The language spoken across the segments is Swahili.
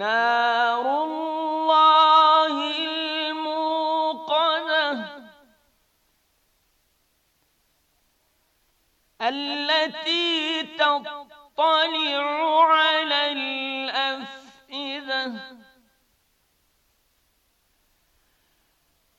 نار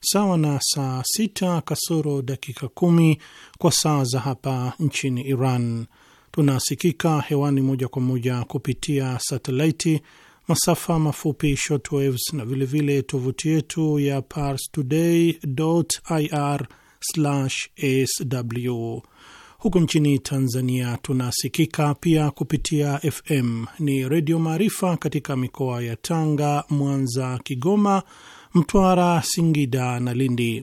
sawa na saa sita kasoro dakika kumi kwa saa za hapa nchini Iran. Tunasikika hewani moja kwa moja kupitia satelaiti, masafa mafupi shortwaves, na vilevile tovuti yetu ya ir sw Huku nchini Tanzania tunasikika pia kupitia FM ni Redio Maarifa katika mikoa ya Tanga, Mwanza, Kigoma, Mtwara, Singida na Lindi.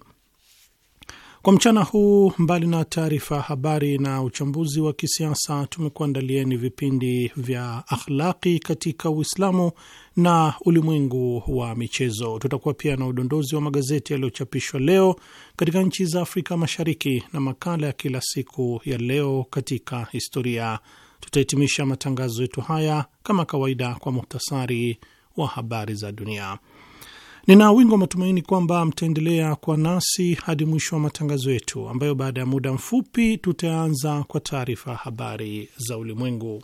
Kwa mchana huu, mbali na taarifa habari na uchambuzi wa kisiasa, tumekuandalieni vipindi vya akhlaki katika Uislamu na ulimwengu wa michezo. Tutakuwa pia na udondozi wa magazeti yaliyochapishwa leo katika nchi za Afrika Mashariki na makala ya kila siku ya leo katika historia. Tutahitimisha matangazo yetu haya kama kawaida kwa muhtasari wa habari za dunia. Nina wingi wa matumaini kwamba mtaendelea kwa nasi hadi mwisho wa matangazo yetu, ambayo baada ya muda mfupi tutaanza kwa taarifa habari za ulimwengu.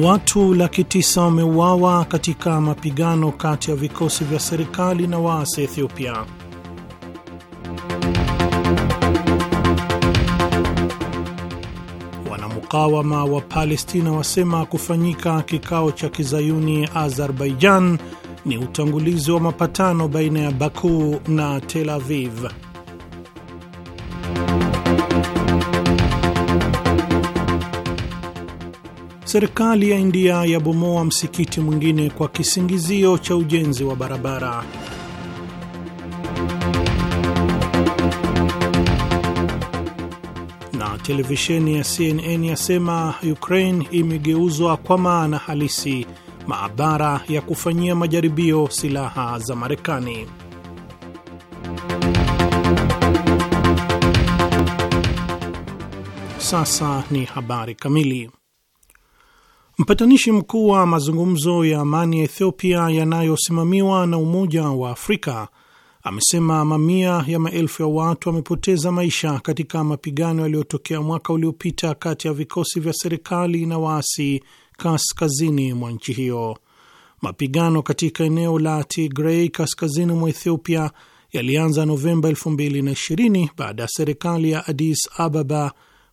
Watu laki tisa wameuawa katika mapigano kati ya vikosi vya serikali na waasi Ethiopia. Wanamukawama wa Palestina wasema kufanyika kikao cha kizayuni Azerbaijan ni utangulizi wa mapatano baina ya Baku na Tel Aviv. Serikali ya India yabomoa msikiti mwingine kwa kisingizio cha ujenzi wa barabara. Na televisheni ya CNN yasema Ukraine imegeuzwa kwa maana halisi maabara ya kufanyia majaribio silaha za Marekani. Sasa ni habari kamili. Mpatanishi mkuu wa mazungumzo ya amani ya Ethiopia yanayosimamiwa na Umoja wa Afrika amesema mamia ya maelfu ya watu wamepoteza maisha katika mapigano yaliyotokea mwaka uliopita kati ya vikosi vya serikali na waasi kaskazini mwa nchi hiyo. Mapigano katika eneo la tigrei kaskazini mwa Ethiopia yalianza Novemba 2020 baada ya serikali ya Addis Ababa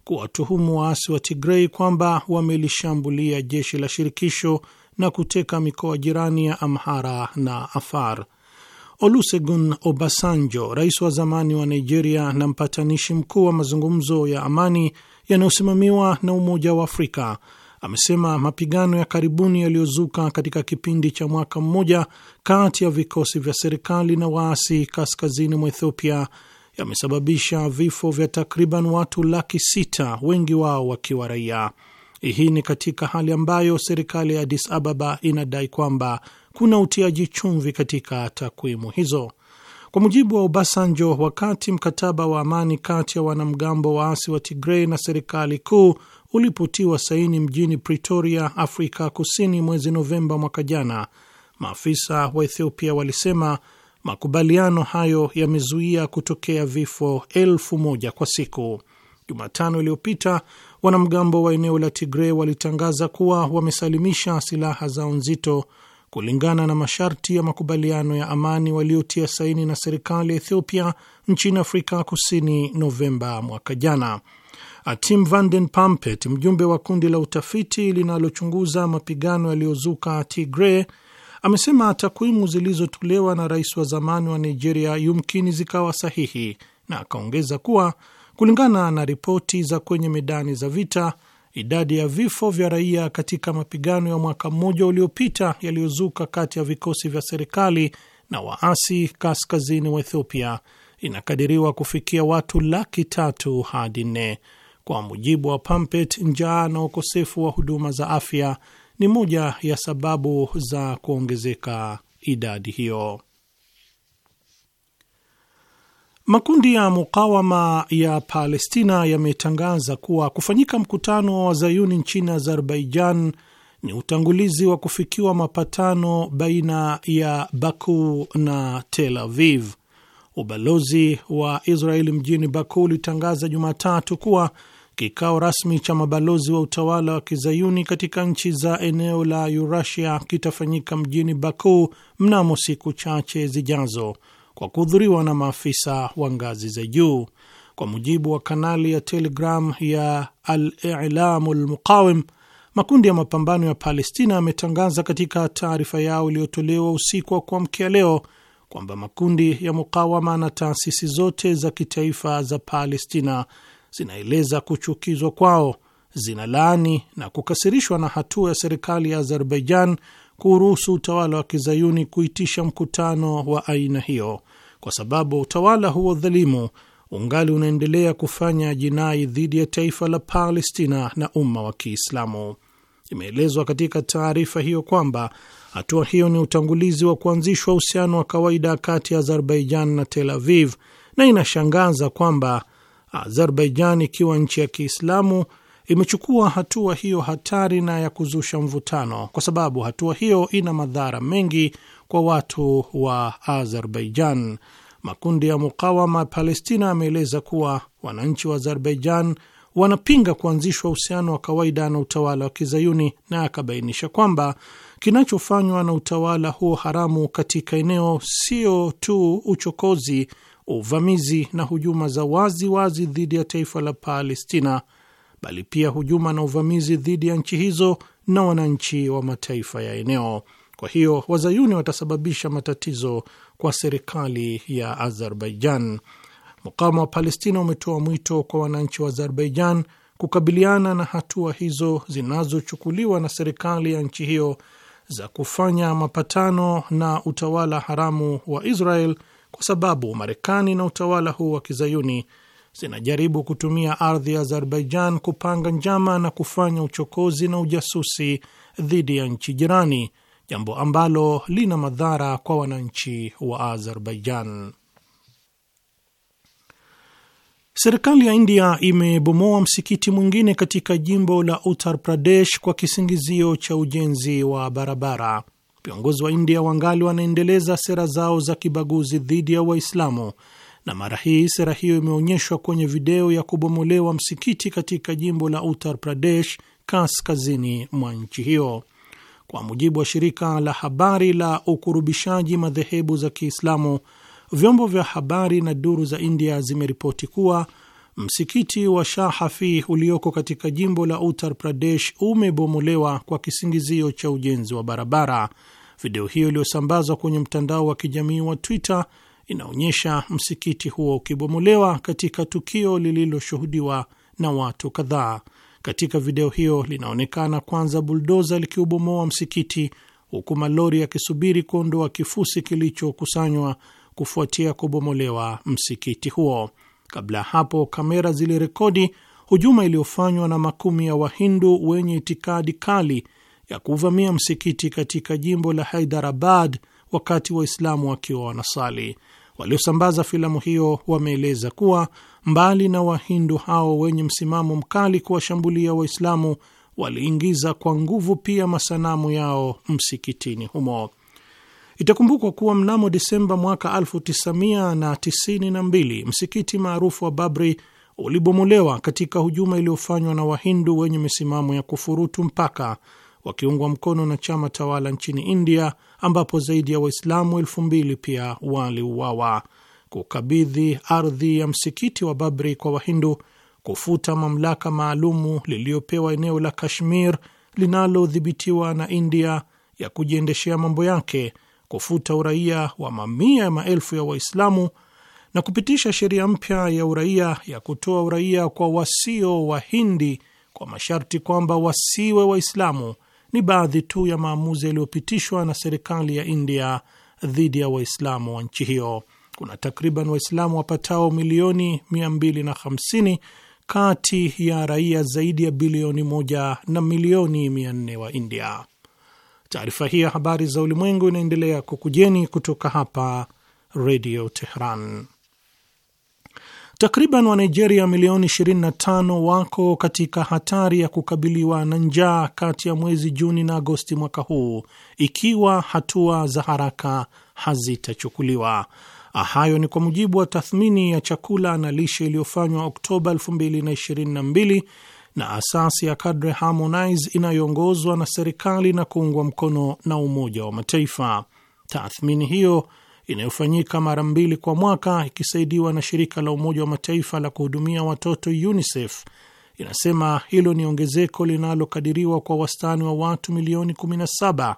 kuwatuhumu waasi wa Tigrei kwamba wamelishambulia jeshi la shirikisho na kuteka mikoa jirani ya Amhara na Afar. Olusegun Obasanjo, rais wa zamani wa Nigeria na mpatanishi mkuu wa mazungumzo ya amani yanayosimamiwa na Umoja wa Afrika, amesema mapigano ya karibuni yaliyozuka katika kipindi cha mwaka mmoja kati ya vikosi vya serikali na waasi kaskazini mwa Ethiopia yamesababisha vifo vya takriban watu laki sita, wengi wao wakiwa raia. Hii ni katika hali ambayo serikali ya Addis Ababa inadai kwamba kuna utiaji chumvi katika takwimu hizo. Kwa mujibu wa Obasanjo, wakati mkataba wa amani kati ya wanamgambo waasi wa Tigrei na serikali kuu ulipotiwa saini mjini Pretoria, Afrika Kusini, mwezi Novemba mwaka jana, maafisa wa Ethiopia walisema Makubaliano hayo yamezuia kutokea vifo elfu moja kwa siku. Jumatano iliyopita wanamgambo wa eneo la tigre walitangaza kuwa wamesalimisha silaha zao nzito kulingana na masharti ya makubaliano ya amani waliotia saini na serikali ya Ethiopia nchini Afrika Kusini Novemba mwaka jana. Tim Vanden Pampet, mjumbe wa kundi la utafiti linalochunguza mapigano yaliyozuka Tigre, amesema takwimu zilizotolewa na rais wa zamani wa Nigeria yumkini zikawa sahihi, na akaongeza kuwa kulingana na ripoti za kwenye medani za vita, idadi ya vifo vya raia katika mapigano ya mwaka mmoja uliopita yaliyozuka kati ya vikosi vya serikali na waasi kaskazini wa Ethiopia inakadiriwa kufikia watu laki tatu hadi nne. Kwa mujibu wa Pampet, njaa na ukosefu wa huduma za afya ni moja ya sababu za kuongezeka idadi hiyo. Makundi ya mukawama ya Palestina yametangaza kuwa kufanyika mkutano wa zayuni nchini Azerbaijan ni utangulizi wa kufikiwa mapatano baina ya Baku na Tel Aviv. Ubalozi wa Israeli mjini Baku ulitangaza Jumatatu kuwa Kikao rasmi cha mabalozi wa utawala wa kizayuni katika nchi za eneo la Urasia kitafanyika mjini Baku mnamo siku chache zijazo kwa kuhudhuriwa na maafisa wa ngazi za juu. Kwa mujibu wa kanali ya Telegram ya Al-Ilamu Lmuqawim, makundi ya mapambano ya Palestina yametangaza katika taarifa yao iliyotolewa usiku wa kuamkia leo kwamba makundi ya mukawama na taasisi zote za kitaifa za Palestina zinaeleza kuchukizwa kwao, zinalaani na kukasirishwa na hatua ya serikali ya Azerbaijan kuruhusu utawala wa kizayuni kuitisha mkutano wa aina hiyo, kwa sababu utawala huo dhalimu ungali unaendelea kufanya jinai dhidi ya taifa la Palestina na umma wa Kiislamu. Imeelezwa katika taarifa hiyo kwamba hatua hiyo ni utangulizi wa kuanzishwa uhusiano wa kawaida kati ya Azerbaijan na Tel Aviv, na inashangaza kwamba Azerbaijan ikiwa nchi ya Kiislamu imechukua hatua hiyo hatari na ya kuzusha mvutano, kwa sababu hatua hiyo ina madhara mengi kwa watu wa Azerbaijan. Makundi ya mukawama ya Palestina ameeleza kuwa wananchi wa Azerbaijan wanapinga kuanzishwa uhusiano wa kawaida na utawala wa Kizayuni, na akabainisha kwamba kinachofanywa na utawala huo haramu katika eneo sio tu uchokozi uvamizi na hujuma za wazi wazi dhidi ya taifa la Palestina, bali pia hujuma na uvamizi dhidi ya nchi hizo na wananchi wa mataifa ya eneo. Kwa hiyo wazayuni watasababisha matatizo kwa serikali ya Azerbaijan. mkama wa Palestina umetoa mwito kwa wananchi wa Azerbaijan kukabiliana na hatua hizo zinazochukuliwa na serikali ya nchi hiyo za kufanya mapatano na utawala haramu wa Israel kwa sababu Marekani na utawala huu wa kizayuni zinajaribu kutumia ardhi ya Azerbaijan kupanga njama na kufanya uchokozi na ujasusi dhidi ya nchi jirani, jambo ambalo lina madhara kwa wananchi wa Azerbaijan. Serikali ya India imebomoa msikiti mwingine katika jimbo la Uttar Pradesh kwa kisingizio cha ujenzi wa barabara viongozi wa India wangali wanaendeleza sera zao za kibaguzi dhidi ya Waislamu, na mara hii sera hiyo imeonyeshwa kwenye video ya kubomolewa msikiti katika jimbo la Uttar Pradesh, kaskazini mwa nchi hiyo. Kwa mujibu wa shirika la habari la ukurubishaji madhehebu za Kiislamu, vyombo vya habari na duru za India zimeripoti kuwa Msikiti wa Shah Hafi ulioko katika jimbo la Uttar Pradesh umebomolewa kwa kisingizio cha ujenzi wa barabara. Video hiyo iliyosambazwa kwenye mtandao wa kijamii wa Twitter inaonyesha msikiti huo ukibomolewa katika tukio lililoshuhudiwa na watu kadhaa. Katika video hiyo linaonekana kwanza buldoza likiubomoa msikiti, huku malori yakisubiri kuondoa kifusi kilichokusanywa kufuatia kubomolewa msikiti huo. Kabla ya hapo, kamera zilirekodi hujuma iliyofanywa na makumi ya Wahindu wenye itikadi kali ya kuvamia msikiti katika jimbo la Haidarabad wakati Waislamu wakiwa wanasali. Waliosambaza filamu hiyo wameeleza kuwa mbali na Wahindu hao wenye msimamo mkali kuwashambulia Waislamu, waliingiza kwa nguvu pia masanamu yao msikitini humo. Itakumbukwa kuwa mnamo Disemba mwaka 1992 msikiti maarufu wa Babri ulibomolewa katika hujuma iliyofanywa na Wahindu wenye misimamo ya kufurutu mpaka wakiungwa mkono na chama tawala nchini India, ambapo zaidi ya Waislamu elfu mbili pia waliuawa. Kukabidhi ardhi ya msikiti wa Babri kwa Wahindu, kufuta mamlaka maalumu liliyopewa eneo la Kashmir linalodhibitiwa na India ya kujiendeshea mambo yake kufuta uraia wa mamia ya maelfu ya Waislamu na kupitisha sheria mpya ya uraia ya kutoa uraia kwa wasio Wahindi kwa masharti kwamba wasiwe Waislamu ni baadhi tu ya maamuzi yaliyopitishwa na serikali ya India dhidi ya Waislamu wa nchi hiyo. Kuna takriban Waislamu wapatao milioni 250 kati ya raia zaidi ya bilioni moja na milioni 400 wa India. Taarifa hii ya habari za ulimwengu inaendelea kukujeni kutoka hapa Redio Tehran. Takriban Wanigeria milioni 25 wako katika hatari ya kukabiliwa na njaa kati ya mwezi Juni na Agosti mwaka huu ikiwa hatua za haraka hazitachukuliwa. Ah, hayo ni kwa mujibu wa tathmini ya chakula na lishe iliyofanywa Oktoba 2022 na asasi ya Kadre Harmonize inayoongozwa na serikali na kuungwa mkono na Umoja wa Mataifa. Tathmini hiyo inayofanyika mara mbili kwa mwaka ikisaidiwa na shirika la Umoja wa Mataifa la kuhudumia watoto UNICEF inasema hilo ni ongezeko linalokadiriwa kwa wastani wa watu milioni 17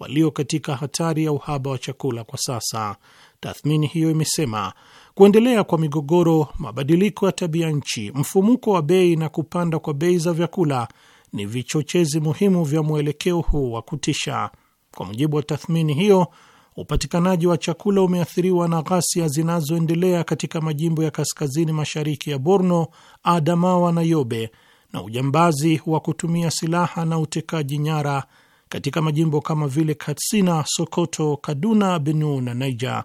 walio katika hatari ya uhaba wa chakula kwa sasa. Tathmini hiyo imesema kuendelea kwa migogoro, mabadiliko ya tabia nchi, mfumuko wa bei na kupanda kwa bei za vyakula ni vichochezi muhimu vya mwelekeo huu wa kutisha. Kwa mujibu wa tathmini hiyo, upatikanaji wa chakula umeathiriwa na ghasia zinazoendelea katika majimbo ya kaskazini mashariki ya Borno, Adamawa na Yobe na ujambazi wa kutumia silaha na utekaji nyara katika majimbo kama vile Katsina, Sokoto, Kaduna, Benue na Niger.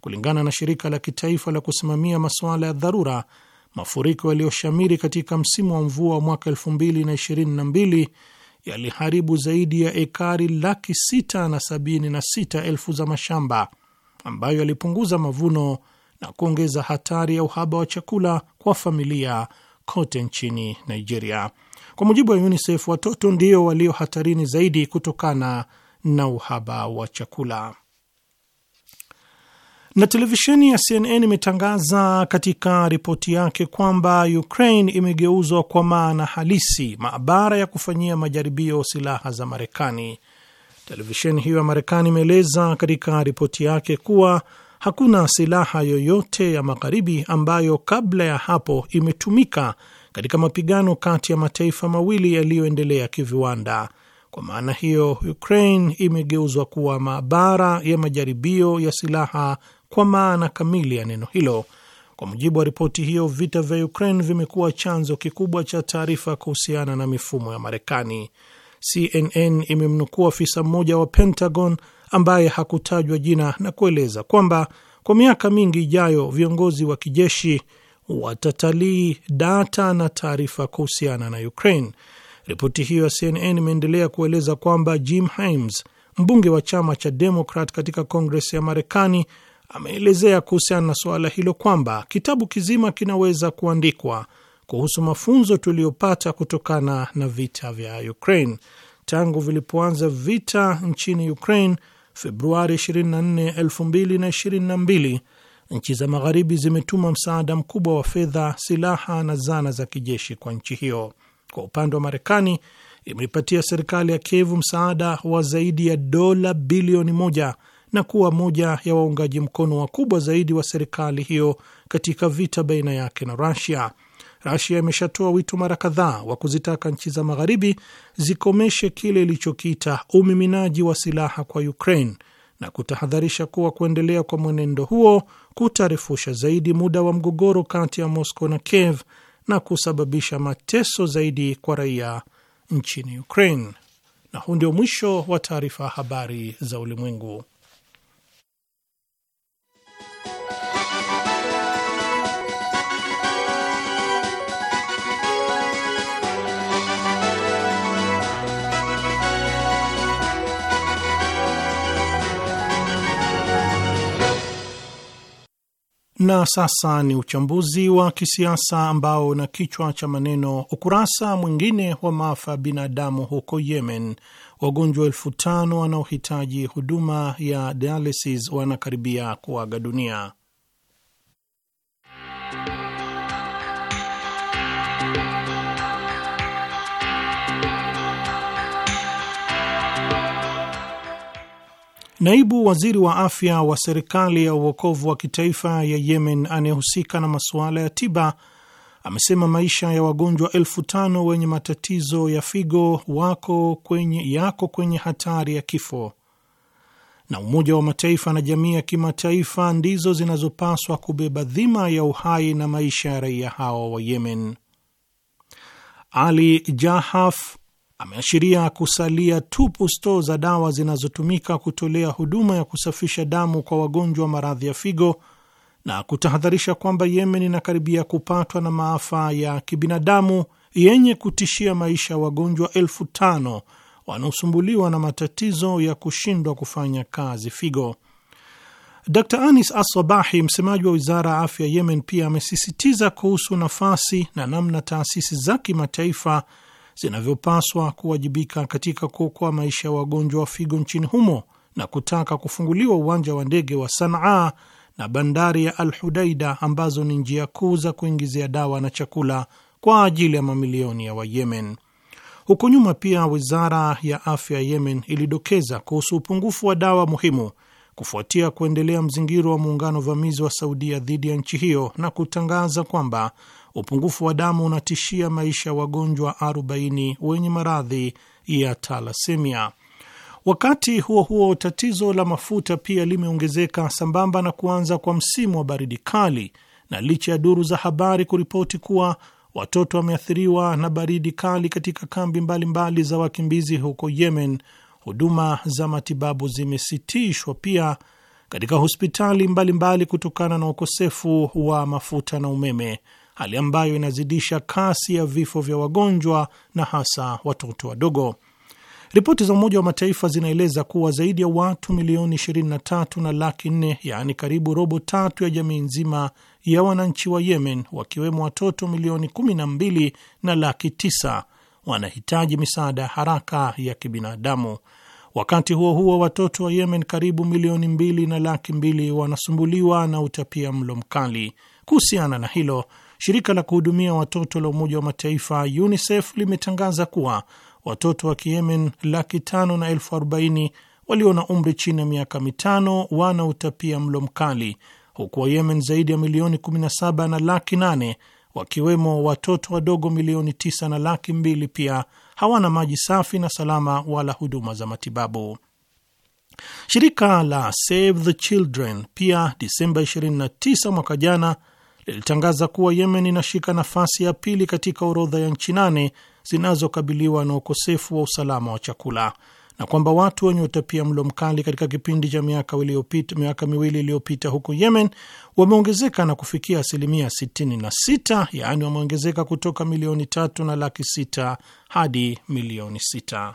Kulingana na shirika la kitaifa la kusimamia masuala ya dharura, mafuriko yaliyoshamiri katika msimu wa mvua wa mwaka 2022 yaliharibu zaidi ya ekari laki sita na sabini na sita elfu za mashamba ambayo yalipunguza mavuno na kuongeza hatari ya uhaba wa chakula kwa familia kote nchini Nigeria. Kwa mujibu wa UNICEF, watoto ndio walio hatarini zaidi kutokana na uhaba wa chakula. Na televisheni ya CNN imetangaza katika ripoti yake kwamba Ukraine imegeuzwa kwa maana halisi maabara ya kufanyia majaribio silaha za Marekani. Televisheni hiyo ya Marekani imeeleza katika ripoti yake kuwa hakuna silaha yoyote ya magharibi ambayo kabla ya hapo imetumika katika mapigano kati ya mataifa mawili yaliyoendelea kiviwanda. Kwa maana hiyo, Ukraine imegeuzwa kuwa maabara ya majaribio ya silaha kwa maana kamili ya neno hilo. Kwa mujibu wa ripoti hiyo, vita vya Ukraine vimekuwa chanzo kikubwa cha taarifa kuhusiana na mifumo ya Marekani. CNN imemnukua afisa mmoja wa Pentagon ambaye hakutajwa jina na kueleza kwamba kwa miaka mingi ijayo viongozi wa kijeshi watatalii data na taarifa kuhusiana na Ukraine. Ripoti hiyo ya CNN imeendelea kueleza kwamba Jim Himes, mbunge wa chama cha Demokrat katika Kongres ya Marekani, ameelezea kuhusiana na suala hilo kwamba kitabu kizima kinaweza kuandikwa kuhusu mafunzo tuliyopata kutokana na vita vya Ukraine tangu vilipoanza vita nchini Ukraine Februari 24, 2022 Nchi za Magharibi zimetuma msaada mkubwa wa fedha, silaha na zana za kijeshi kwa nchi hiyo. Kwa upande wa Marekani, imeipatia serikali ya Kievu msaada wa zaidi ya dola bilioni moja na kuwa moja ya waungaji mkono wakubwa zaidi wa serikali hiyo katika vita baina yake na Rusia. Rusia imeshatoa wito mara kadhaa wa kuzitaka nchi za Magharibi zikomeshe kile ilichokiita umiminaji wa silaha kwa Ukraine na kutahadharisha kuwa kuendelea kwa mwenendo huo kutarefusha zaidi muda wa mgogoro kati ya Moscow na Kiev na kusababisha mateso zaidi kwa raia nchini Ukraine. Na huu ndio mwisho wa taarifa habari za ulimwengu. Na sasa ni uchambuzi wa kisiasa ambao na kichwa cha maneno ukurasa mwingine wa maafa ya binadamu huko Yemen, wagonjwa elfu tano wanaohitaji huduma ya dialysis wanakaribia kuaga dunia. Naibu waziri wa afya wa serikali ya uokovu wa kitaifa ya Yemen anayehusika na masuala ya tiba amesema maisha ya wagonjwa elfu tano wenye matatizo ya figo wako kwenye, yako kwenye hatari ya kifo, na Umoja wa Mataifa na jamii ya kimataifa ndizo zinazopaswa kubeba dhima ya uhai na maisha ya raia hao wa Yemen. Ali Jahaf ameashiria kusalia tupu stoo za dawa zinazotumika kutolea huduma ya kusafisha damu kwa wagonjwa wa maradhi ya figo na kutahadharisha kwamba Yemen inakaribia kupatwa na maafa ya kibinadamu yenye kutishia maisha ya wagonjwa elfu tano wanaosumbuliwa na matatizo ya kushindwa kufanya kazi figo. Dr Anis Assabahi, msemaji wa wizara ya afya Yemen, pia amesisitiza kuhusu nafasi na namna taasisi za kimataifa zinavyopaswa kuwajibika katika kuokoa maisha ya wagonjwa wa figo nchini humo na kutaka kufunguliwa uwanja wa ndege wa Sanaa na bandari ya Al Hudaida ambazo ni njia kuu za kuingizia dawa na chakula kwa ajili ya mamilioni ya Wayemen. Huko nyuma pia wizara ya afya ya Yemen ilidokeza kuhusu upungufu wa dawa muhimu kufuatia kuendelea mzingiro wa muungano vamizi wa Saudia dhidi ya nchi hiyo na kutangaza kwamba upungufu wa damu unatishia maisha ya wagonjwa 40 wenye maradhi ya talasemia. Wakati huo huo, tatizo la mafuta pia limeongezeka sambamba na kuanza kwa msimu wa baridi kali, na licha ya duru za habari kuripoti kuwa watoto wameathiriwa na baridi kali katika kambi mbalimbali mbali za wakimbizi huko Yemen, huduma za matibabu zimesitishwa pia katika hospitali mbalimbali mbali kutokana na ukosefu wa mafuta na umeme, hali ambayo inazidisha kasi ya vifo vya wagonjwa na hasa watoto wadogo. Ripoti za Umoja wa Mataifa zinaeleza kuwa zaidi ya watu milioni 23 na laki 4 yaani karibu robo tatu ya jamii nzima ya wananchi wa Yemen, wakiwemo watoto milioni 12 na laki 9 wanahitaji misaada ya haraka ya kibinadamu. Wakati huo huo, watoto wa Yemen karibu milioni mbili na laki mbili wanasumbuliwa na utapia mlo mkali. Kuhusiana na hilo Shirika la kuhudumia watoto la Umoja wa Mataifa UNICEF limetangaza kuwa watoto wa Kiyemen laki tano na elfu arobaini walio na umri chini ya miaka mitano wana utapia mlo mkali huku Wayemen zaidi ya milioni 17 na laki 8 wakiwemo watoto wadogo milioni 9 na laki mbili pia hawana maji safi na salama wala huduma za matibabu. Shirika la Save the Children pia Disemba 29 mwaka jana lilitangaza kuwa Yemen inashika nafasi ya pili katika orodha ya nchi nane zinazokabiliwa na ukosefu wa usalama wa chakula na kwamba watu wenye utapia mlo mkali katika kipindi cha miaka miaka miwili iliyopita huko Yemen wameongezeka na kufikia asilimia 66, yaani wameongezeka kutoka milioni tatu na laki sita hadi milioni sita.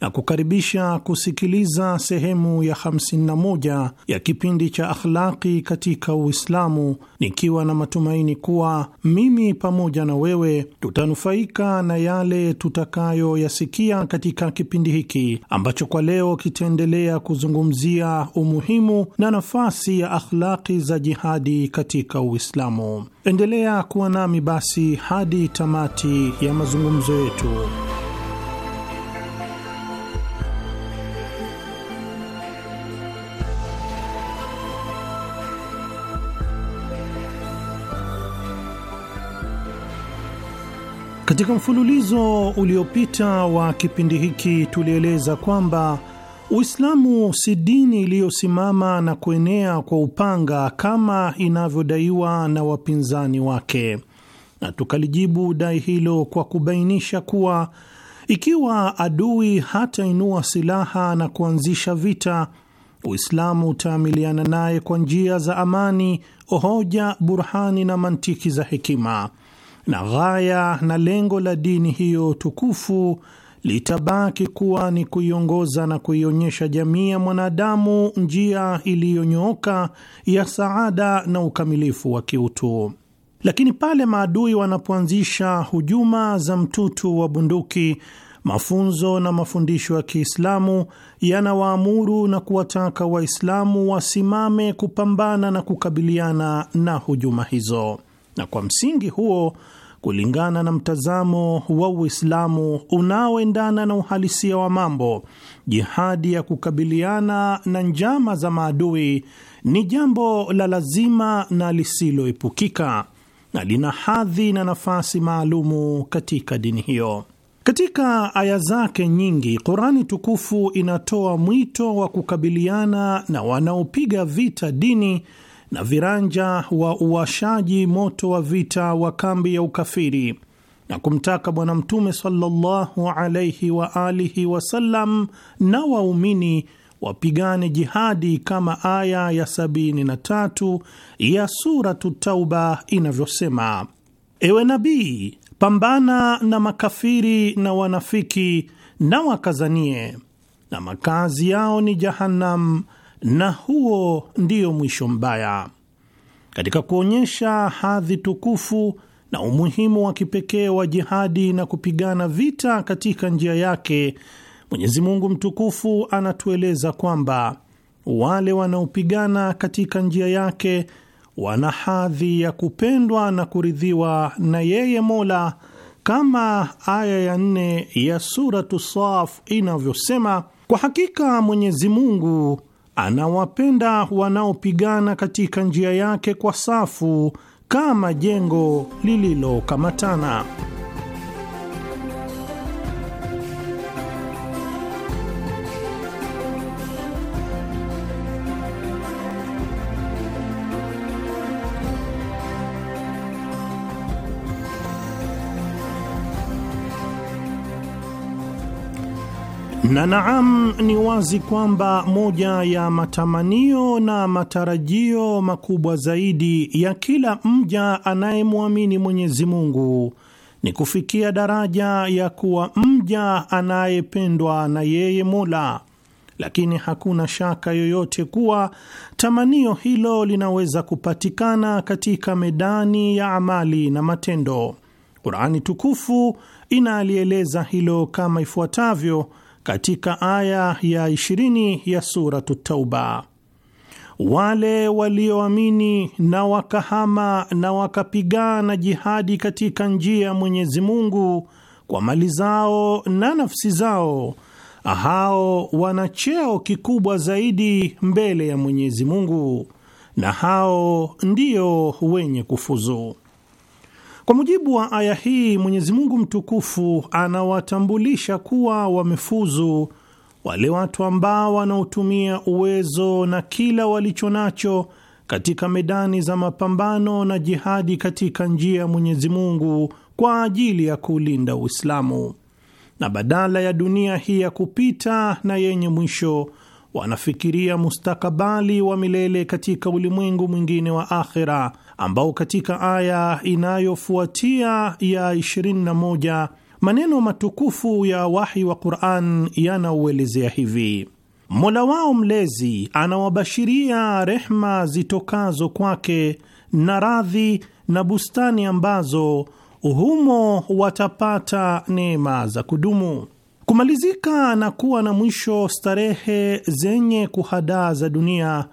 na kukaribisha kusikiliza sehemu ya 51 ya kipindi cha Akhlaqi katika Uislamu, nikiwa na matumaini kuwa mimi pamoja na wewe tutanufaika na yale tutakayoyasikia katika kipindi hiki ambacho kwa leo kitaendelea kuzungumzia umuhimu na nafasi ya akhlaqi za jihadi katika Uislamu. Endelea kuwa nami basi hadi tamati ya mazungumzo yetu. Katika mfululizo uliopita wa kipindi hiki tulieleza kwamba Uislamu si dini iliyosimama na kuenea kwa upanga kama inavyodaiwa na wapinzani wake, na tukalijibu dai hilo kwa kubainisha kuwa ikiwa adui hatainua silaha na kuanzisha vita, Uislamu utaamiliana naye kwa njia za amani, hoja, burhani na mantiki za hekima na ghaya na lengo la dini hiyo tukufu litabaki kuwa ni kuiongoza na kuionyesha jamii ya mwanadamu njia iliyonyooka ya saada na ukamilifu wa kiutu. Lakini pale maadui wanapoanzisha hujuma za mtutu wa bunduki, mafunzo na mafundisho ya Kiislamu yanawaamuru na kuwataka Waislamu wasimame kupambana na kukabiliana na hujuma hizo, na kwa msingi huo kulingana na mtazamo wa Uislamu unaoendana na uhalisia wa mambo. Jihadi ya kukabiliana na njama za maadui ni jambo la lazima na lisiloepukika na lina hadhi na nafasi maalumu katika dini hiyo. Katika aya zake nyingi, Qurani tukufu inatoa mwito wa kukabiliana na wanaopiga vita dini na viranja wa uwashaji moto wa vita wa kambi ya ukafiri na kumtaka Bwana Mtume sallallahu alaihi wa alihi wasallam na waumini wapigane jihadi kama aya ya 73 ya Suratu Tauba inavyosema: Ewe nabii, pambana na makafiri na wanafiki na wakazanie, na makazi yao ni Jahannam na huo ndio mwisho mbaya. Katika kuonyesha hadhi tukufu na umuhimu wa kipekee wa jihadi na kupigana vita katika njia yake, Mwenyezi Mungu mtukufu anatueleza kwamba wale wanaopigana katika njia yake wana hadhi ya kupendwa na kuridhiwa na yeye Mola, kama aya ya nne ya Suratu Saf inavyosema, kwa hakika Mwenyezi Mungu anawapenda wanaopigana katika njia yake kwa safu kama jengo lililokamatana. Na naam, ni wazi kwamba moja ya matamanio na matarajio makubwa zaidi ya kila mja anayemwamini Mwenyezi Mungu ni kufikia daraja ya kuwa mja anayependwa na yeye Mola, lakini hakuna shaka yoyote kuwa tamanio hilo linaweza kupatikana katika medani ya amali na matendo. Qurani tukufu inaalieleza hilo kama ifuatavyo katika aya ya 20 ya Suratu Tauba, wale walioamini na wakahama na wakapigana jihadi katika njia ya Mwenyezi Mungu kwa mali zao na nafsi zao, hao wana cheo kikubwa zaidi mbele ya Mwenyezi Mungu, na hao ndio wenye kufuzu. Kwa mujibu wa aya hii, Mwenyezi Mungu mtukufu anawatambulisha kuwa wamefuzu wale watu ambao wanaotumia uwezo na kila walicho nacho katika medani za mapambano na jihadi katika njia ya Mwenyezi Mungu kwa ajili ya kulinda Uislamu, na badala ya dunia hii ya kupita na yenye mwisho wanafikiria mustakabali wa milele katika ulimwengu mwingine wa akhera ambao katika aya inayofuatia ya 21 maneno matukufu ya wahi wa Qur'an yanauelezea hivi: Mola wao mlezi anawabashiria rehma zitokazo kwake na radhi na bustani ambazo humo watapata neema za kudumu. Kumalizika na kuwa na mwisho starehe zenye kuhadaa za dunia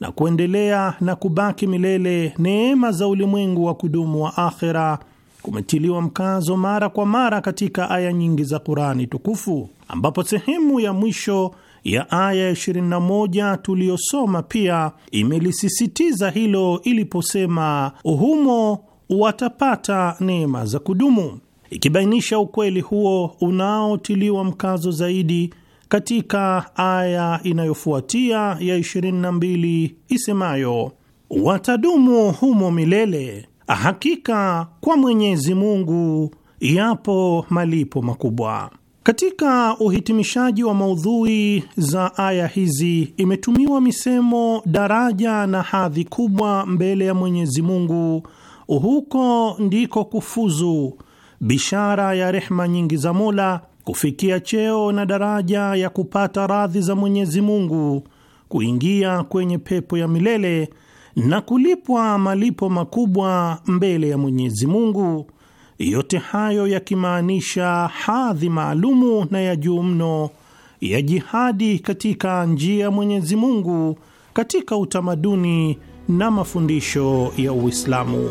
na kuendelea na kubaki milele neema za ulimwengu wa kudumu wa akhera kumetiliwa mkazo mara kwa mara katika aya nyingi za Kurani tukufu, ambapo sehemu ya mwisho ya aya 21 tuliyosoma pia imelisisitiza hilo iliposema, humo watapata neema za kudumu, ikibainisha ukweli huo unaotiliwa mkazo zaidi katika aya inayofuatia ya 22 isemayo, watadumu humo milele, hakika kwa Mwenyezi Mungu yapo malipo makubwa. Katika uhitimishaji wa maudhui za aya hizi imetumiwa misemo daraja na hadhi kubwa mbele ya Mwenyezi Mungu, huko ndiko kufuzu, bishara ya rehma nyingi za Mola kufikia cheo na daraja ya kupata radhi za Mwenyezi Mungu, kuingia kwenye pepo ya milele na kulipwa malipo makubwa mbele ya Mwenyezi Mungu. Yote hayo yakimaanisha hadhi maalumu na ya juu mno ya jihadi katika njia ya Mwenyezi Mungu katika utamaduni na mafundisho ya Uislamu.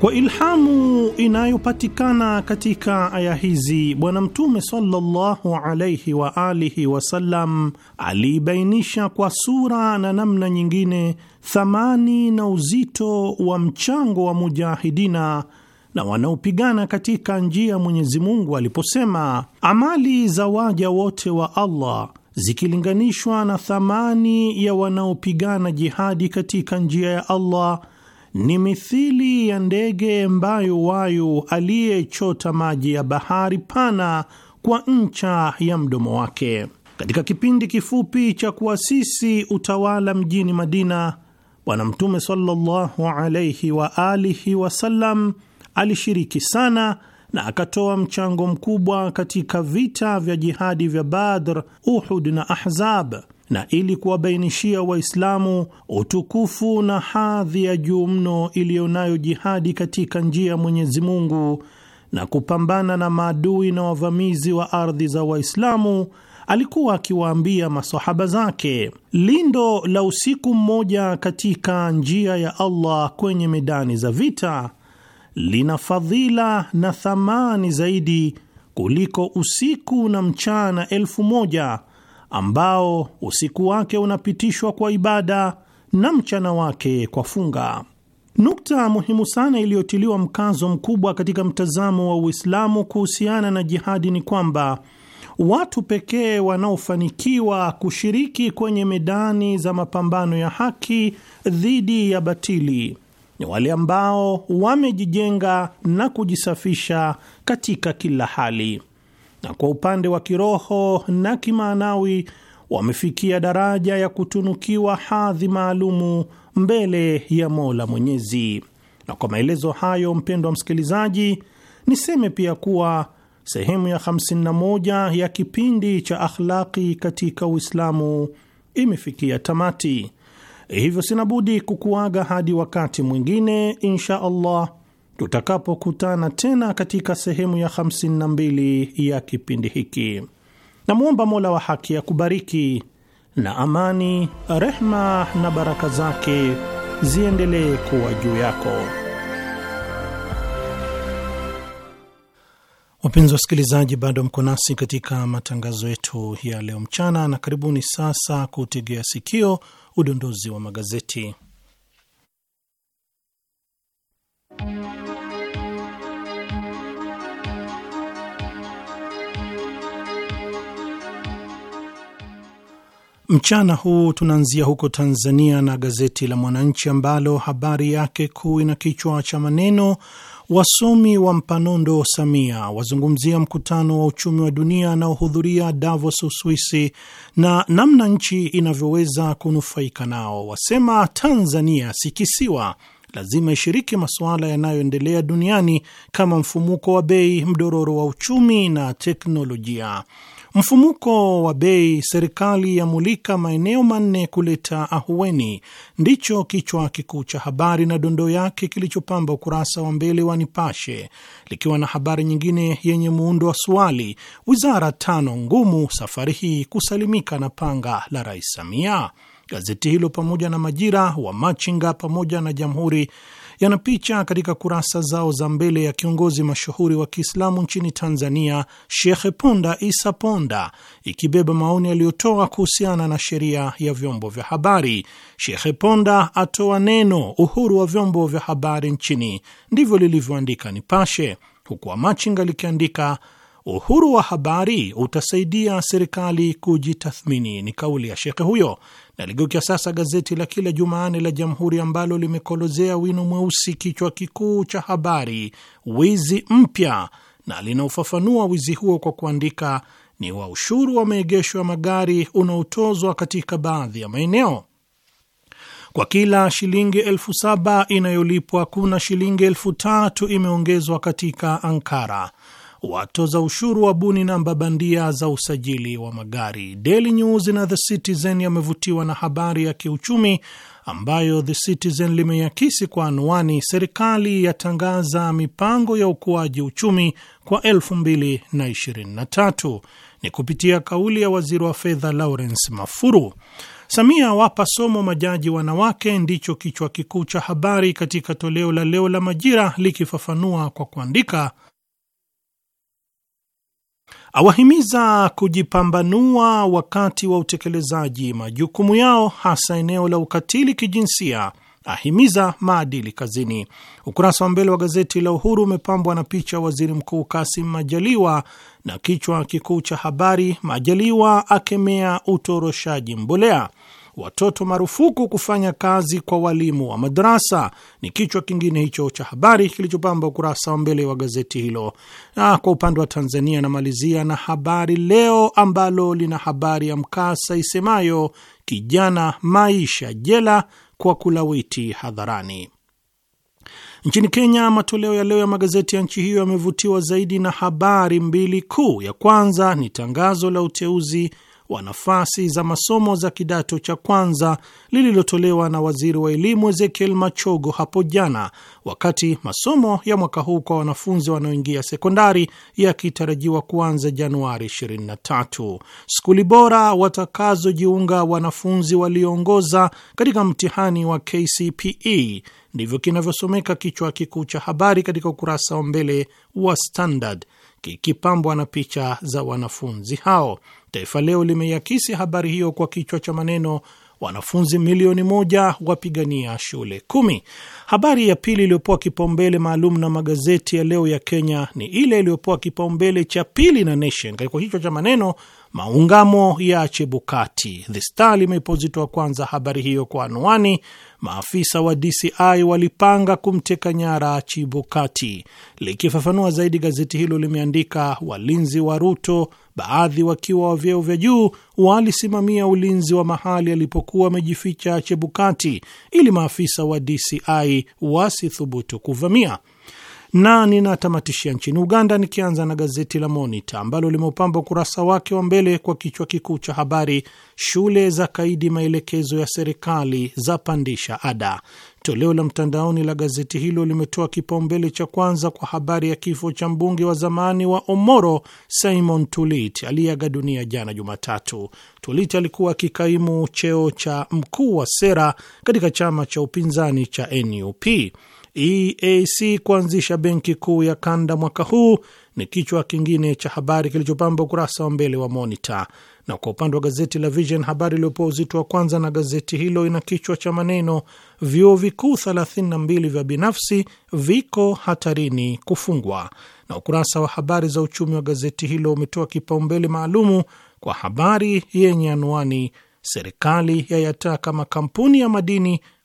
Kwa ilhamu inayopatikana katika aya hizi, Bwana Mtume sallallahu alaihi wa alihi wasallam aliibainisha kwa sura na namna nyingine thamani na uzito wa mchango wa mujahidina na wanaopigana katika njia ya Mwenyezi Mungu aliposema, amali za waja wote wa Allah zikilinganishwa na thamani ya wanaopigana jihadi katika njia ya Allah ni mithili ya ndege mbayo wayo aliyechota maji ya bahari pana kwa ncha ya mdomo wake. Katika kipindi kifupi cha kuasisi utawala mjini Madina, Bwana Mtume sallallahu alaihi wa alihi wasallam alishiriki sana na akatoa mchango mkubwa katika vita vya jihadi vya Badr, Uhud na Ahzab na ili kuwabainishia Waislamu utukufu na hadhi ya juu mno iliyo nayo jihadi katika njia ya Mwenyezi Mungu na kupambana na maadui na wavamizi wa ardhi za Waislamu, alikuwa akiwaambia masahaba zake, lindo la usiku mmoja katika njia ya Allah kwenye medani za vita lina fadhila na thamani zaidi kuliko usiku na mchana elfu moja ambao usiku wake unapitishwa kwa ibada na mchana wake kwa funga. Nukta muhimu sana iliyotiliwa mkazo mkubwa katika mtazamo wa Uislamu kuhusiana na jihadi ni kwamba watu pekee wanaofanikiwa kushiriki kwenye medani za mapambano ya haki dhidi ya batili ni wale ambao wamejijenga na kujisafisha katika kila hali na kwa upande wa kiroho na kimaanawi wamefikia daraja ya kutunukiwa hadhi maalumu mbele ya Mola Mwenyezi. Na kwa maelezo hayo, mpendo wa msikilizaji, niseme pia kuwa sehemu ya 51 ya kipindi cha akhlaqi katika Uislamu imefikia tamati. Hivyo sina budi kukuaga hadi wakati mwingine insha Allah tutakapokutana tena katika sehemu ya 52 ya kipindi hiki. Namwomba Mola wa haki akubariki, na amani, rehma na baraka zake ziendelee kuwa juu yako. Wapenzi wasikilizaji, bado mko nasi katika matangazo yetu ya leo mchana, na karibuni sasa kutegea sikio udondozi wa magazeti. Mchana huu tunaanzia huko Tanzania na gazeti la Mwananchi ambalo habari yake kuu ina kichwa cha maneno wasomi wa mpanondo Samia wazungumzia mkutano wa uchumi wa dunia anaohudhuria Davos, Uswisi, na namna nchi inavyoweza kunufaika nao. Wasema Tanzania si kisiwa, lazima ishiriki masuala yanayoendelea duniani kama mfumuko wa bei, mdororo wa uchumi na teknolojia. Mfumuko wa bei, serikali yamulika maeneo manne kuleta ahueni, ndicho kichwa kikuu cha habari na dondoo yake kilichopamba ukurasa wa mbele wa Nipashe, likiwa na habari nyingine yenye muundo wa swali, wizara tano ngumu safari hii kusalimika na panga la Rais Samia. Gazeti hilo pamoja na Majira wa Machinga pamoja na Jamhuri yana picha katika kurasa zao za mbele ya kiongozi mashuhuri wa Kiislamu nchini Tanzania, Shekhe Ponda Isa Ponda, ikibeba maoni aliyotoa kuhusiana na sheria ya vyombo vya habari. Shekhe Ponda atoa neno uhuru wa vyombo vya habari nchini, ndivyo lilivyoandika Nipashe, huku Amachinga likiandika uhuru wa habari utasaidia serikali kujitathmini. Ni kauli ya shekhe huyo. Naligeukia sasa gazeti la kila Jumanne la Jamhuri ambalo limekolozea wino mweusi kichwa kikuu cha habari, wizi mpya, na linaofafanua wizi huo kwa kuandika ni wa ushuru wa maegesho ya magari unaotozwa katika baadhi ya maeneo. Kwa kila shilingi elfu saba inayolipwa kuna shilingi elfu tatu imeongezwa katika Ankara watoza ushuru wa buni namba bandia za usajili wa magari. Daily News na The Citizen yamevutiwa na habari ya kiuchumi ambayo The Citizen limeyakisi kwa anwani, serikali yatangaza mipango ya ukuaji uchumi kwa 2023 ni kupitia kauli ya waziri wa fedha Lawrence Mafuru. Samia awapa somo majaji wanawake, ndicho kichwa kikuu cha habari katika toleo la leo la Majira, likifafanua kwa kuandika awahimiza kujipambanua wakati wa utekelezaji majukumu yao, hasa eneo la ukatili kijinsia, ahimiza maadili kazini. Ukurasa wa mbele wa gazeti la Uhuru umepambwa na picha waziri mkuu Kasim Majaliwa na kichwa kikuu cha habari, Majaliwa akemea utoroshaji mbolea watoto marufuku kufanya kazi kwa walimu wa madrasa ni kichwa kingine hicho cha habari kilichopamba ukurasa wa mbele wa gazeti hilo. Na kwa upande wa Tanzania anamalizia na Habari Leo ambalo lina habari ya mkasa isemayo kijana maisha jela kwa kulawiti hadharani. Nchini Kenya, matoleo ya leo ya magazeti ya nchi hiyo yamevutiwa zaidi na habari mbili kuu. Ya kwanza ni tangazo la uteuzi wa nafasi za masomo za kidato cha kwanza lililotolewa na waziri wa elimu Ezekiel Machogo hapo jana, wakati masomo ya mwaka huu kwa wanafunzi wanaoingia sekondari yakitarajiwa kuanza Januari 23. Skuli bora watakazojiunga wanafunzi walioongoza katika mtihani wa KCPE, ndivyo kinavyosomeka kichwa kikuu cha habari katika ukurasa wa mbele wa Standard kikipambwa na picha za wanafunzi hao. Taifa Leo limeiakisi habari hiyo kwa kichwa cha maneno wanafunzi milioni moja wapigania shule kumi. Habari ya pili iliyopewa kipaumbele maalum na magazeti ya leo ya Kenya ni ile iliyopoa kipaumbele cha pili na Nation katika kichwa cha maneno maungamo ya Chebukati. The Star limepozitwa kwanza habari hiyo kwa anwani, maafisa wa DCI walipanga kumteka nyara chibukati Likifafanua zaidi, gazeti hilo limeandika walinzi wa Ruto, baadhi wakiwa wa vyeo vya juu, walisimamia ulinzi wa mahali alipokuwa amejificha Chebukati ili maafisa wa DCI wasithubutu kuvamia na ninatamatishia nchini Uganda, nikianza na gazeti la Monita ambalo limeupamba ukurasa wake wa mbele kwa kichwa kikuu cha habari, shule za kaidi maelekezo ya serikali za pandisha ada. Toleo la mtandaoni la gazeti hilo limetoa kipaumbele cha kwanza kwa habari ya kifo cha mbunge wa zamani wa Omoro Simon Tulit aliyeaga dunia jana Jumatatu. Tulit alikuwa akikaimu cheo cha mkuu wa sera katika chama cha upinzani cha NUP. EAC kuanzisha benki kuu ya kanda mwaka huu ni kichwa kingine cha habari kilichopamba ukurasa wa mbele wa Monitor. Na kwa upande wa gazeti la Vision, habari iliyopewa uzito wa kwanza na gazeti hilo ina kichwa cha maneno vyuo vikuu 32 vya binafsi viko hatarini kufungwa. Na ukurasa wa habari za uchumi wa gazeti hilo umetoa kipaumbele maalumu kwa habari yenye anwani serikali yayataka makampuni ya madini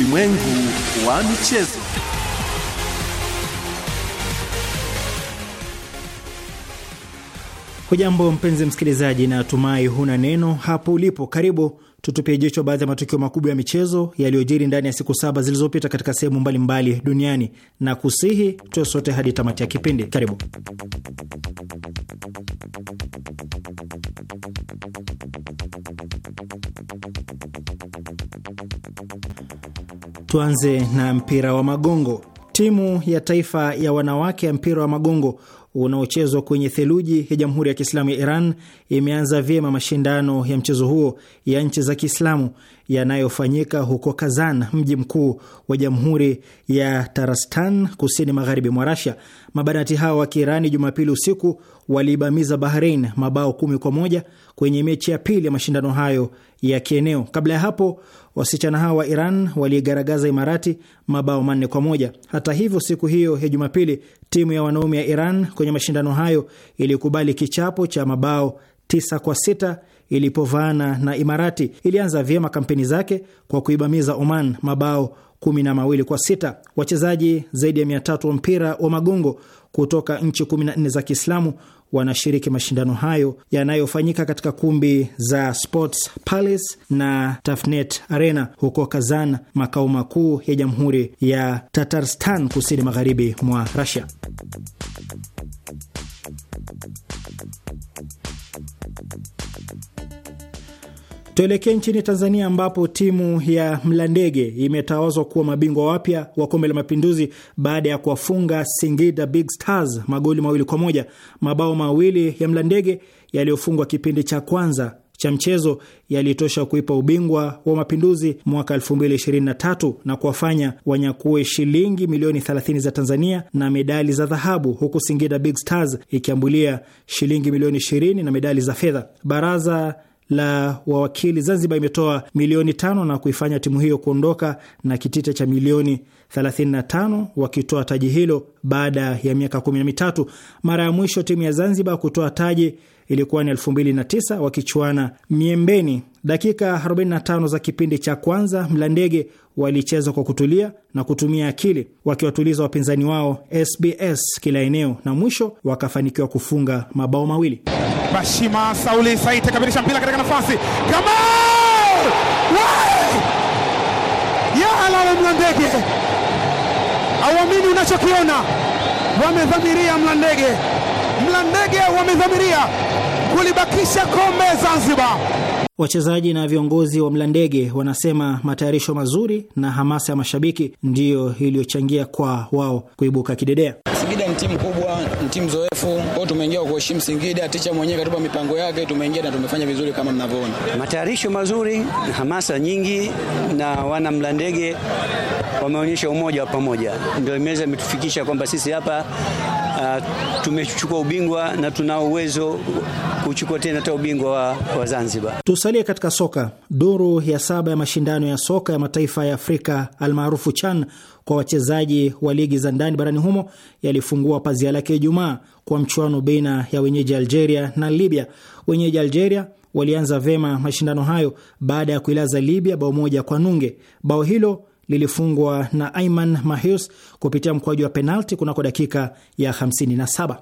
ulimwengu wa michezo. Hujambo mpenzi msikilizaji, na atumai huna neno hapo ulipo. Karibu tutupie jicho baadhi ya matukio makubwa ya michezo yaliyojiri ndani ya siku saba zilizopita katika sehemu mbalimbali duniani na kusihi tuwe sote hadi tamati ya kipindi. Karibu. Tuanze na mpira wa magongo. Timu ya taifa ya wanawake ya mpira wa magongo unaochezwa kwenye theluji ya Jamhuri ya Kiislamu ya Iran imeanza vyema mashindano ya mchezo huo ya nchi za Kiislamu yanayofanyika huko Kazan, mji mkuu wa jamhuri ya Tarastan, kusini magharibi mwa Rasia. Mabanati hao wa Kiirani Jumapili usiku waliibamiza Bahrein mabao kumi kwa moja kwenye mechi ya pili ya mashindano hayo ya kieneo. Kabla ya hapo wasichana hao wa Iran waliigaragaza Imarati mabao manne kwa moja. Hata hivyo, siku hiyo ya Jumapili timu ya wanaume ya Iran kwenye mashindano hayo ilikubali kichapo cha mabao tisa kwa sita ilipovaana na Imarati. Ilianza vyema kampeni zake kwa kuibamiza Oman mabao kumi na mawili kwa sita. Wachezaji zaidi ya mia tatu wa mpira wa magongo kutoka nchi 14 za Kiislamu wanashiriki mashindano hayo yanayofanyika katika kumbi za Sports Palace na Tafnet Arena huko Kazan, makao makuu ya Jamhuri ya Tatarstan kusini magharibi mwa rasia Tuelekee nchini Tanzania ambapo timu ya Mlandege imetawazwa kuwa mabingwa wapya wa Kombe la Mapinduzi baada ya kuwafunga Singida Big Stars magoli mawili kwa moja. Mabao mawili ya Mlandege yaliyofungwa kipindi cha kwanza cha mchezo yalitosha kuipa ubingwa wa mapinduzi mwaka 2023 na kuwafanya wanyakue shilingi milioni 30 za Tanzania na medali za dhahabu, huku Singida Big Stars ikiambulia shilingi milioni 20 na medali za fedha. Baraza la wawakili Zanzibar imetoa milioni tano na kuifanya timu hiyo kuondoka na kitita cha milioni 35 wakitoa taji hilo baada ya miaka 13. Mara ya mwisho timu ya Zanzibar kutoa taji ilikuwa ni 2009 wakichuana miembeni. Dakika 45 za kipindi cha kwanza Mlandege walicheza kwa kutulia na kutumia akili wakiwatuliza wapinzani wao SBS kila eneo, na mwisho wakafanikiwa kufunga mabao mawili. Bashima Sauli Saite kabirisha mpira katika nafasi kama yalale, Mlandege auamini unachokiona, wamedhamiria Mlandege Mlandege wamedhamiria kulibakisha kombe Zanzibar. Wachezaji na viongozi wa Mlandege wanasema matayarisho mazuri na hamasa ya mashabiki ndiyo iliyochangia kwa wao kuibuka kidedea. Singida ni timu kubwa, ni timu zoefu, kwao tumeingia kwa kuheshimu Singida. Ticha mwenyewe katupa mipango yake, tumeingia na tumefanya vizuri kama mnavyoona. Matayarisho mazuri, hamasa nyingi, na wana Mlandege wameonyesha umoja wa pamoja, ndio imeweza imetufikisha kwamba sisi hapa uh, ah, tumechukua ubingwa na tuna uwezo kuchukua tena hata ubingwa wa, wa Zanzibar. Tusalie katika soka. Duru ya saba ya mashindano ya soka ya mataifa ya Afrika almaarufu CHAN kwa wachezaji wa ligi za ndani barani humo yalifungua pazia lake Ijumaa kwa mchuano baina ya wenyeji Algeria na Libya. Wenyeji Algeria walianza vema mashindano hayo baada ya kuilaza Libya bao moja kwa nunge. Bao hilo lilifungwa na Aiman Mahius kupitia mkwaju wa penalti kunako dakika ya 57.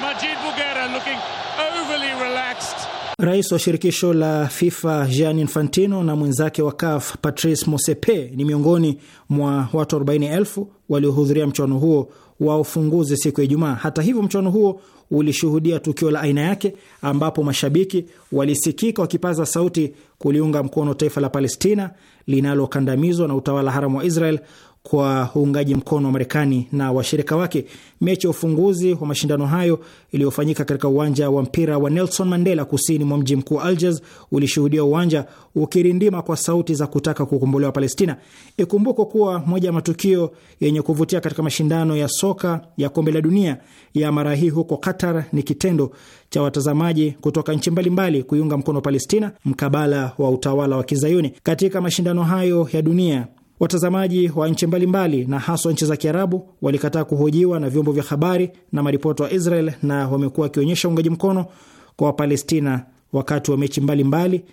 Majid Bugera looking overly relaxed. Rais wa shirikisho la FIFA Gianni Infantino na mwenzake wa CAF Patrice Motsepe ni miongoni mwa watu 40,000 waliohudhuria mchuano huo wa ufunguzi siku ya Ijumaa. Hata hivyo, mchuano huo ulishuhudia tukio la aina yake ambapo mashabiki walisikika wakipaza sauti kuliunga mkono taifa la Palestina linalokandamizwa na utawala haramu wa Israel kwa uungaji mkono wa Marekani na washirika wake. Mechi ya ufunguzi wa mashindano hayo iliyofanyika katika uwanja wa mpira wa Nelson Mandela kusini mwa mji mkuu Algiers ulishuhudia uwanja ukirindima kwa sauti za kutaka kukombolewa Palestina. Ikumbukwe kuwa moja ya matukio yenye kuvutia katika mashindano ya soka ya kombe la dunia ya mara hii huko Qatar ni kitendo cha watazamaji kutoka nchi mbalimbali kuiunga mkono Palestina mkabala wa utawala wa Kizayuni. Katika mashindano hayo ya dunia Watazamaji wa nchi mbalimbali na haswa nchi za Kiarabu walikataa kuhojiwa na vyombo vya habari na maripoti wa Israel na wamekuwa wakionyesha uungaji mkono kwa Wapalestina wakati wa mechi mbalimbali.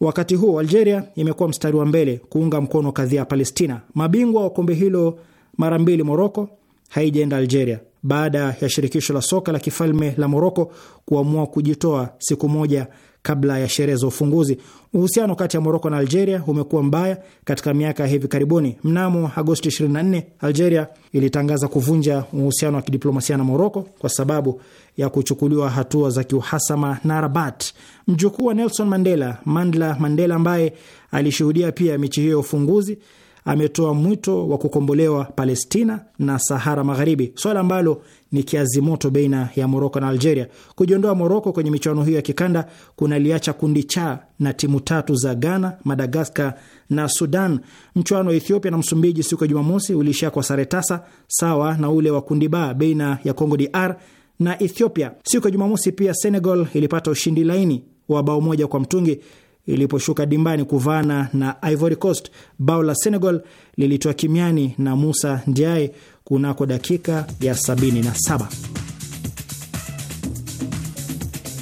Wakati huo Algeria imekuwa mstari wa mbele kuunga mkono kadhia ya Palestina. Mabingwa wa kombe hilo mara mbili Moroko haijaenda Algeria baada ya shirikisho la soka la kifalme la Moroko kuamua kujitoa siku moja kabla ya sherehe za ufunguzi. Uhusiano kati ya Moroko na Algeria umekuwa mbaya katika miaka ya hivi karibuni. Mnamo Agosti 24 Algeria ilitangaza kuvunja uhusiano wa kidiplomasia na Moroko kwa sababu ya kuchukuliwa hatua za kiuhasama na Rabat. Mjukuu wa Nelson Mandela, Mandla Mandela, ambaye alishuhudia pia michi hiyo ya ufunguzi, ametoa mwito wa kukombolewa Palestina na Sahara Magharibi, swala ambalo ni kiazi moto baina ya Moroko na Algeria. Kujiondoa Moroko kwenye michuano hiyo ya kikanda kunaliacha kundi cha na timu tatu za Ghana, Madagaskar na Sudan. Mchuano wa Ethiopia na Msumbiji siku ya Jumamosi uliishia kwa sare tasa sawa na ule wa kundi ba baina ya Congo DR na Ethiopia. Siku ya Jumamosi pia Senegal ilipata ushindi laini wa bao moja kwa mtungi iliposhuka dimbani kuvaana na Ivory Coast. Bao la Senegal lilitoa kimiani na Musa Ndiaye kunako dakika ya 77.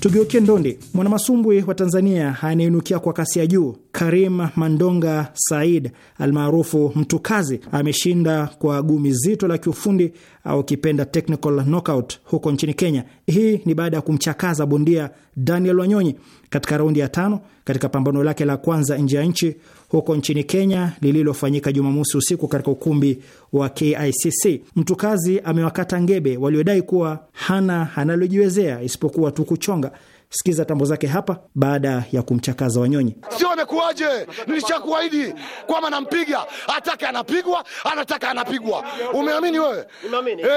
Tugeukie ndondi. Mwanamasumbwi wa Tanzania anayeinukia kwa kasi ya juu Karim Mandonga Said almaarufu Mtukazi ameshinda kwa gumi zito la kiufundi au kipenda technical knockout huko nchini Kenya. Hii ni baada ya kumchakaza bondia Daniel Wanyonyi katika raundi ya tano katika pambano lake la kwanza nje ya nchi huko nchini Kenya lililofanyika Jumamosi usiku katika ukumbi wa KICC. Mtukazi amewakata ngebe waliodai kuwa hana analojiwezea isipokuwa tu kuchonga. Sikiza tambo zake hapa baada ya kumchakaza Wanyonyi. Sio amekuwaje? Nilishakuahidi kwamba nampiga, atake anapigwa, anataka anapigwa. Umeamini wewe?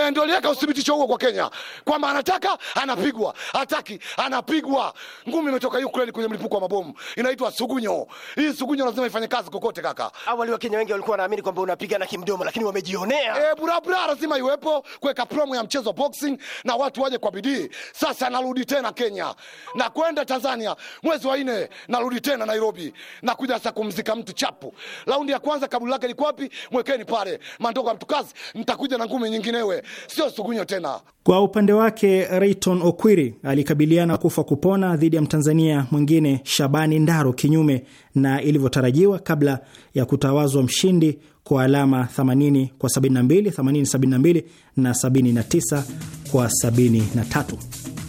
E, ndio liweka uthibitisho huo kwa Kenya kwamba anataka anapigwa, ataki anapigwa. Ngumi imetoka Ukraine kwenye mlipuko wa mabomu, inaitwa sugunyo. Hii sugunyo lazima ifanye kazi kokote kaka. Awali Wakenya wengi walikuwa wanaamini kwamba unapiga na kimdomo, lakini wamejionea. E, eh, burabura lazima iwepo, kuweka promo ya mchezo boxing na watu waje kwa bidii. Sasa narudi tena Kenya na kwenda Tanzania mwezi wa nne, narudi tena Nairobi na kuja sasa kumzika mtu chapu. Raundi ya kwanza kaburi lake liko wapi? Mwekeni pale Mandoko ya mtukazi, nitakuja na ngumi nyinginewe, sio sugunyo tena. Kwa upande wake Rayton Okwiri alikabiliana kufa kupona dhidi ya Mtanzania mwingine Shabani Ndaro kinyume na ilivyotarajiwa kabla ya kutawazwa mshindi kwa alama 80 kwa 72, 80 72 na 79 kwa 73.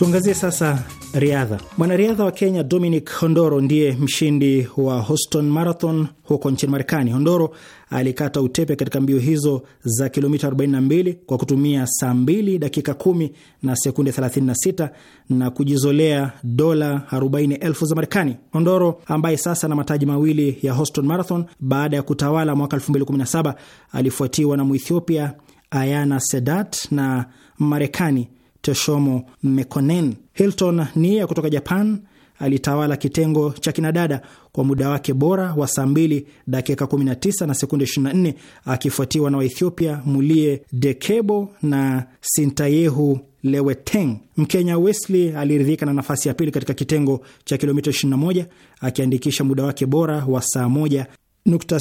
Tuangazie sasa riadha. Mwanariadha wa Kenya Dominic Hondoro ndiye mshindi wa Houston Marathon huko nchini Marekani. Hondoro alikata utepe katika mbio hizo za kilomita 42 kwa kutumia saa 2 dakika 10 na sekunde 36 na kujizolea dola 40,000 za Marekani. Hondoro ambaye sasa na mataji mawili ya Houston Marathon baada ya kutawala mwaka 2017 alifuatiwa na Muethiopia Ayana Sedat na Marekani Toshomo Mekonen. Hilton Nia kutoka Japan alitawala kitengo cha kinadada kwa muda wake bora wa saa 2 dakika 19 na sekunde 24, akifuatiwa na Waethiopia Mulie Dekebo na Sintayehu Leweteng. Mkenya Wesley aliridhika na nafasi ya pili katika kitengo cha kilomita 21 akiandikisha muda wake bora wa saa 1 nukta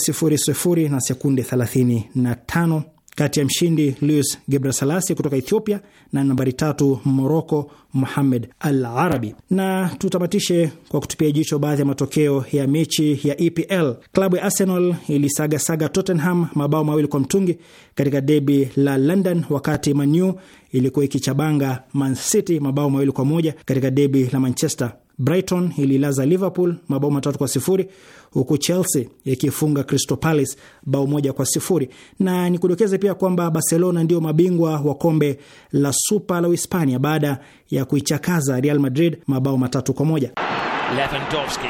na sekunde 35 kati ya mshindi Luis Gebrasalasi kutoka Ethiopia na nambari tatu Moroko Muhamed Al Arabi. Na tutamatishe kwa kutupia jicho baadhi ya matokeo ya mechi ya EPL. Klabu ya Arsenal ilisagasaga Tottenham mabao mawili kwa mtungi katika debi la London, wakati Manu ilikuwa ikichabanga Man City mabao mawili kwa moja katika debi la Manchester. Brighton ililaza Liverpool mabao matatu kwa sifuri huku Chelsea ikifunga Crystal Palace bao moja kwa sifuri. Na nikudokeze pia kwamba Barcelona ndio mabingwa wa kombe la Super la Uhispania baada ya kuichakaza Real Madrid mabao matatu kwa moja. Lewandowski,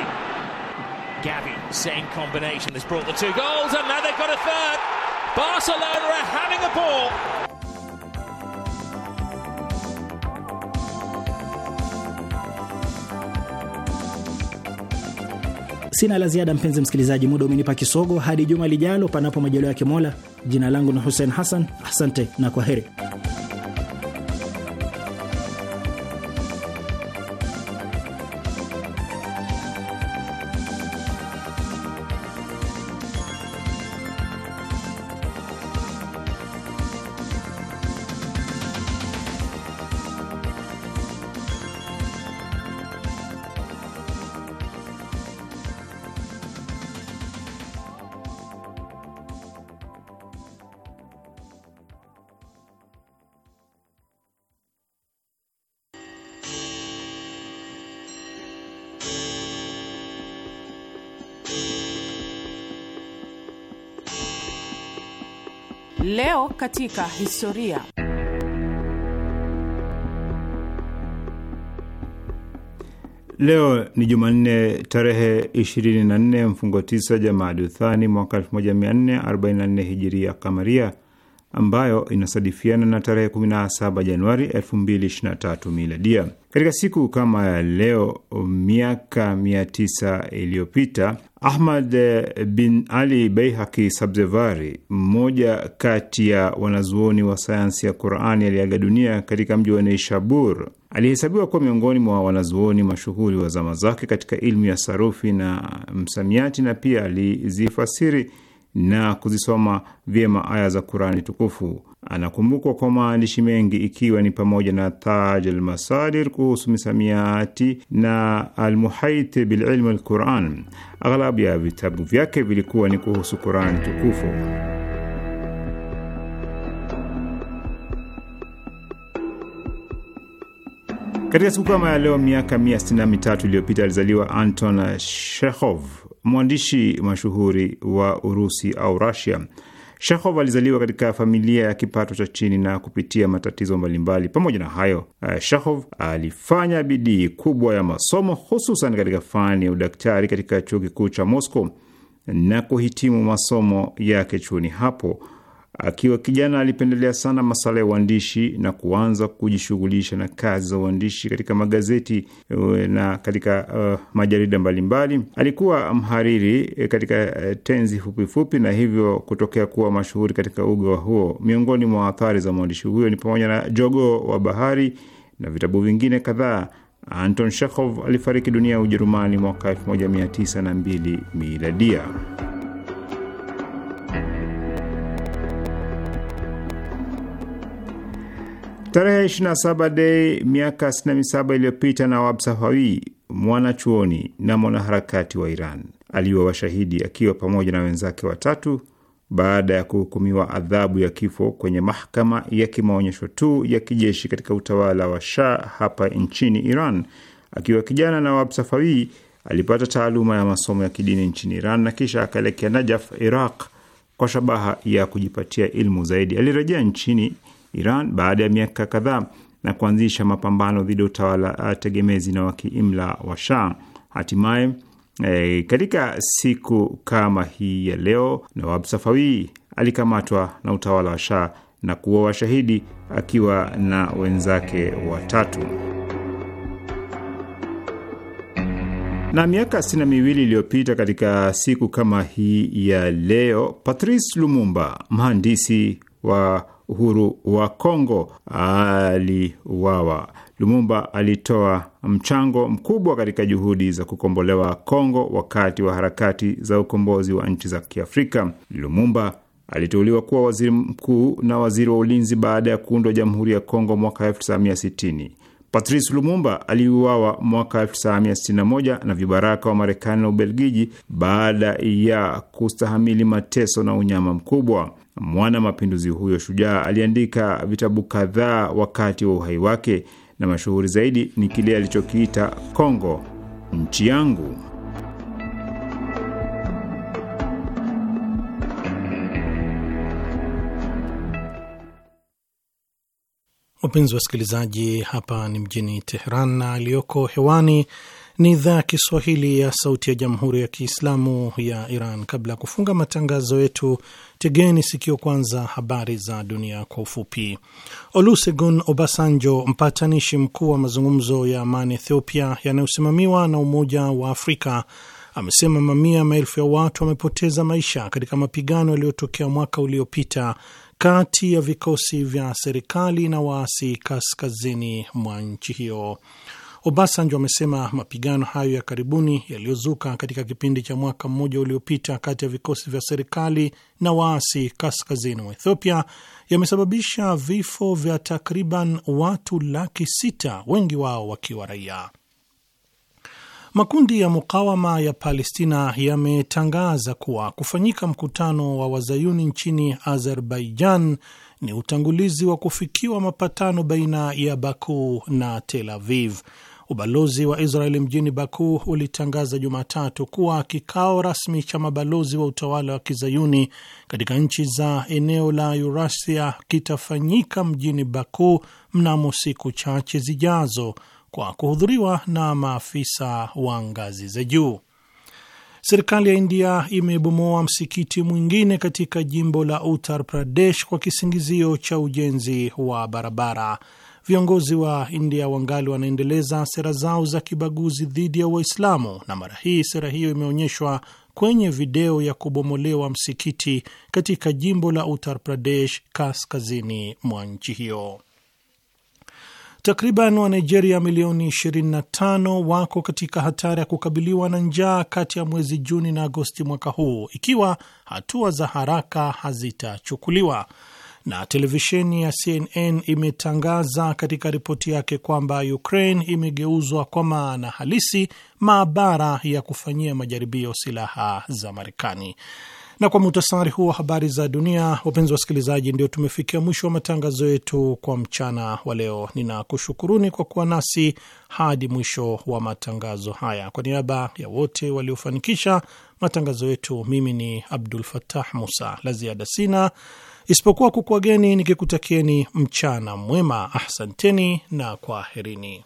Gavi, same combination has brought the two goals and now they've got a third. Barcelona are having a ball. Sina la ziada, mpenzi msikilizaji, muda umenipa kisogo. Hadi juma lijalo, panapo majaliwa ya kimola Jina langu ni Hussein Hassan, asante na kwa heri. Leo katika historia. Leo ni Jumanne tarehe 24 mfungo 9 Jamaaduthani mwaka 1444 hijiria kamaria, ambayo inasadifiana na tarehe 17 Januari 2023 miladia. Katika siku kama ya leo miaka 900 iliyopita Ahmad eh, bin Ali Beihaki Sabzevari, mmoja kati ya wanazuoni wa sayansi ya Qurani, aliaga dunia katika mji wa Neishabur. Alihesabiwa kuwa miongoni mwa wanazuoni mashuhuri wa zama zake katika ilmu ya sarufi na msamiati, na pia alizifasiri na kuzisoma vyema aya za Qurani tukufu anakumbukwa kwa maandishi mengi ikiwa ni pamoja na Taj Almasadir kuhusu misamiati na Almuhaiti bililmi Alquran. Aghalabu ya vitabu vyake vilikuwa ni kuhusu Quran tukufu. Katika siku kama ya leo miaka 63 iliyopita alizaliwa Anton Chekhov, mwandishi mashuhuri wa Urusi au Rasia. Shahov alizaliwa katika familia ya kipato cha chini na kupitia matatizo mbalimbali. Pamoja na hayo, Shahov eh, alifanya bidii kubwa ya masomo, hususan katika fani ya udaktari katika chuo kikuu cha Moscow na kuhitimu masomo yake chuoni hapo. Akiwa kijana alipendelea sana masala ya uandishi na kuanza kujishughulisha na kazi za uandishi katika magazeti eh, na katika uh, majarida mbalimbali. Alikuwa mhariri eh, katika tenzi fupifupi na hivyo kutokea kuwa mashuhuri katika uga huo. Miongoni mwa athari za mwandishi huyo ni pamoja na Jogoo wa Bahari na vitabu vingine kadhaa. Anton Chekhov alifariki dunia ya Ujerumani mwaka 1902 miladia. Tarehe 27 Dei miaka 67 iliyopita, Nawab Safawi, mwanachuoni na mwanaharakati wa Iran, aliwa washahidi akiwa pamoja na wenzake watatu baada ya kuhukumiwa adhabu ya kifo kwenye mahakama ya kimaonyesho tu ya kijeshi katika utawala wa Shah hapa nchini Iran. Akiwa kijana, Nawab Safawi alipata taaluma ya masomo ya kidini nchini Iran na kisha akaelekea Najaf, Iraq, kwa shabaha ya kujipatia ilmu zaidi. Alirejea nchini Iran baada ya miaka kadhaa na kuanzisha mapambano dhidi ya utawala eh, tegemezi na wakiimla wa Shah. Hatimaye e, katika siku kama hii ya leo Nawab Safawi alikamatwa na utawala wa Shah na kuwa washahidi akiwa na wenzake watatu. Na miaka sitini na miwili iliyopita katika siku kama hii ya leo, Patrice Lumumba, mhandisi wa uhuru wa Kongo aliuawa. Lumumba alitoa mchango mkubwa katika juhudi za kukombolewa Kongo wakati wa harakati za ukombozi wa nchi za Kiafrika. Lumumba aliteuliwa kuwa waziri mkuu na waziri wa ulinzi baada ya kuundwa Jamhuri ya Kongo mwaka 1960. Patrice Lumumba aliuawa mwaka 1961 na vibaraka wa Marekani na Ubelgiji baada ya kustahamili mateso na unyama mkubwa. Mwana mapinduzi huyo shujaa aliandika vitabu kadhaa wakati wa uhai wake na mashuhuri zaidi ni kile alichokiita Kongo, nchi yangu. Wapenzi wasikilizaji, hapa ni mjini Teheran na aliyoko hewani ni idhaa ya Kiswahili ya Sauti ya Jamhuri ya Kiislamu ya Iran. Kabla ya kufunga matangazo yetu, tegeni sikio kwanza habari za dunia kwa ufupi. Olusegun Obasanjo, mpatanishi mkuu wa mazungumzo ya amani Ethiopia yanayosimamiwa na Umoja wa Afrika, amesema mamia maelfu ya watu wamepoteza maisha katika mapigano yaliyotokea mwaka uliopita kati ya vikosi vya serikali na waasi kaskazini mwa nchi hiyo. Obasanjo amesema mapigano hayo ya karibuni yaliyozuka katika kipindi cha mwaka mmoja uliopita kati ya vikosi vya serikali na waasi kaskazini mwa Ethiopia yamesababisha vifo vya takriban watu laki sita, wengi wao wakiwa raia. Makundi ya mukawama ya Palestina yametangaza kuwa kufanyika mkutano wa wazayuni nchini Azerbaijan ni utangulizi wa kufikiwa mapatano baina ya Baku na Tel Aviv. Ubalozi wa Israeli mjini Baku ulitangaza Jumatatu kuwa kikao rasmi cha mabalozi wa utawala wa kizayuni katika nchi za eneo la urasia kitafanyika mjini Baku mnamo siku chache zijazo kwa kuhudhuriwa na maafisa wa ngazi za juu. Serikali ya India imebomoa msikiti mwingine katika jimbo la Uttar Pradesh kwa kisingizio cha ujenzi wa barabara. Viongozi wa India wangali wanaendeleza sera zao za kibaguzi dhidi ya Waislamu, na mara hii sera hiyo imeonyeshwa kwenye video ya kubomolewa msikiti katika jimbo la Uttar Pradesh, kaskazini mwa nchi hiyo. Takriban Wanigeria milioni 25 wako katika hatari ya kukabiliwa na njaa kati ya mwezi Juni na Agosti mwaka huu ikiwa hatua za haraka hazitachukuliwa. Na televisheni ya CNN imetangaza katika ripoti yake kwamba Ukraine imegeuzwa kwa maana halisi maabara ya kufanyia majaribio silaha za Marekani. Na kwa muhtasari huu wa habari za dunia, wapenzi wasikilizaji, ndio tumefikia mwisho wa matangazo yetu kwa mchana wa leo. Ninakushukuruni kwa kuwa nasi hadi mwisho wa matangazo haya. Kwa niaba ya wote waliofanikisha matangazo yetu, mimi ni Abdul fatah Musa. La ziada sina isipokuwa kukuageni nikikutakieni mchana mwema. Ahsanteni na kwaherini.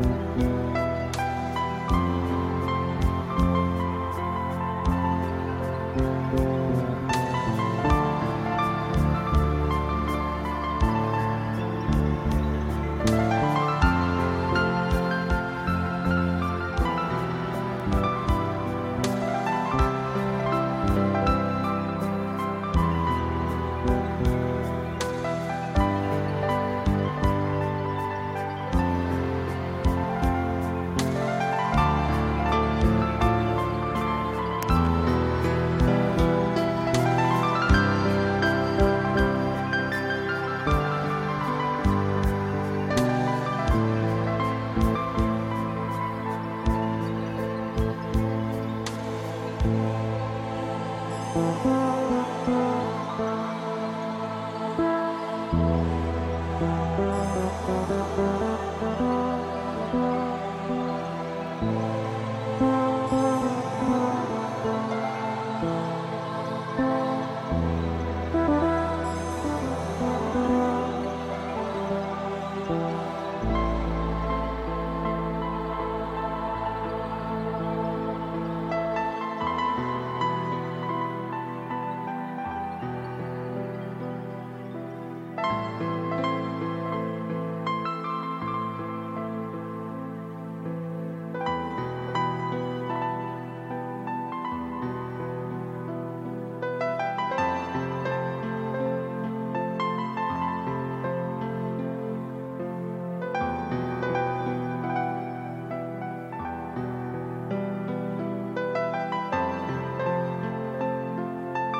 Thank you.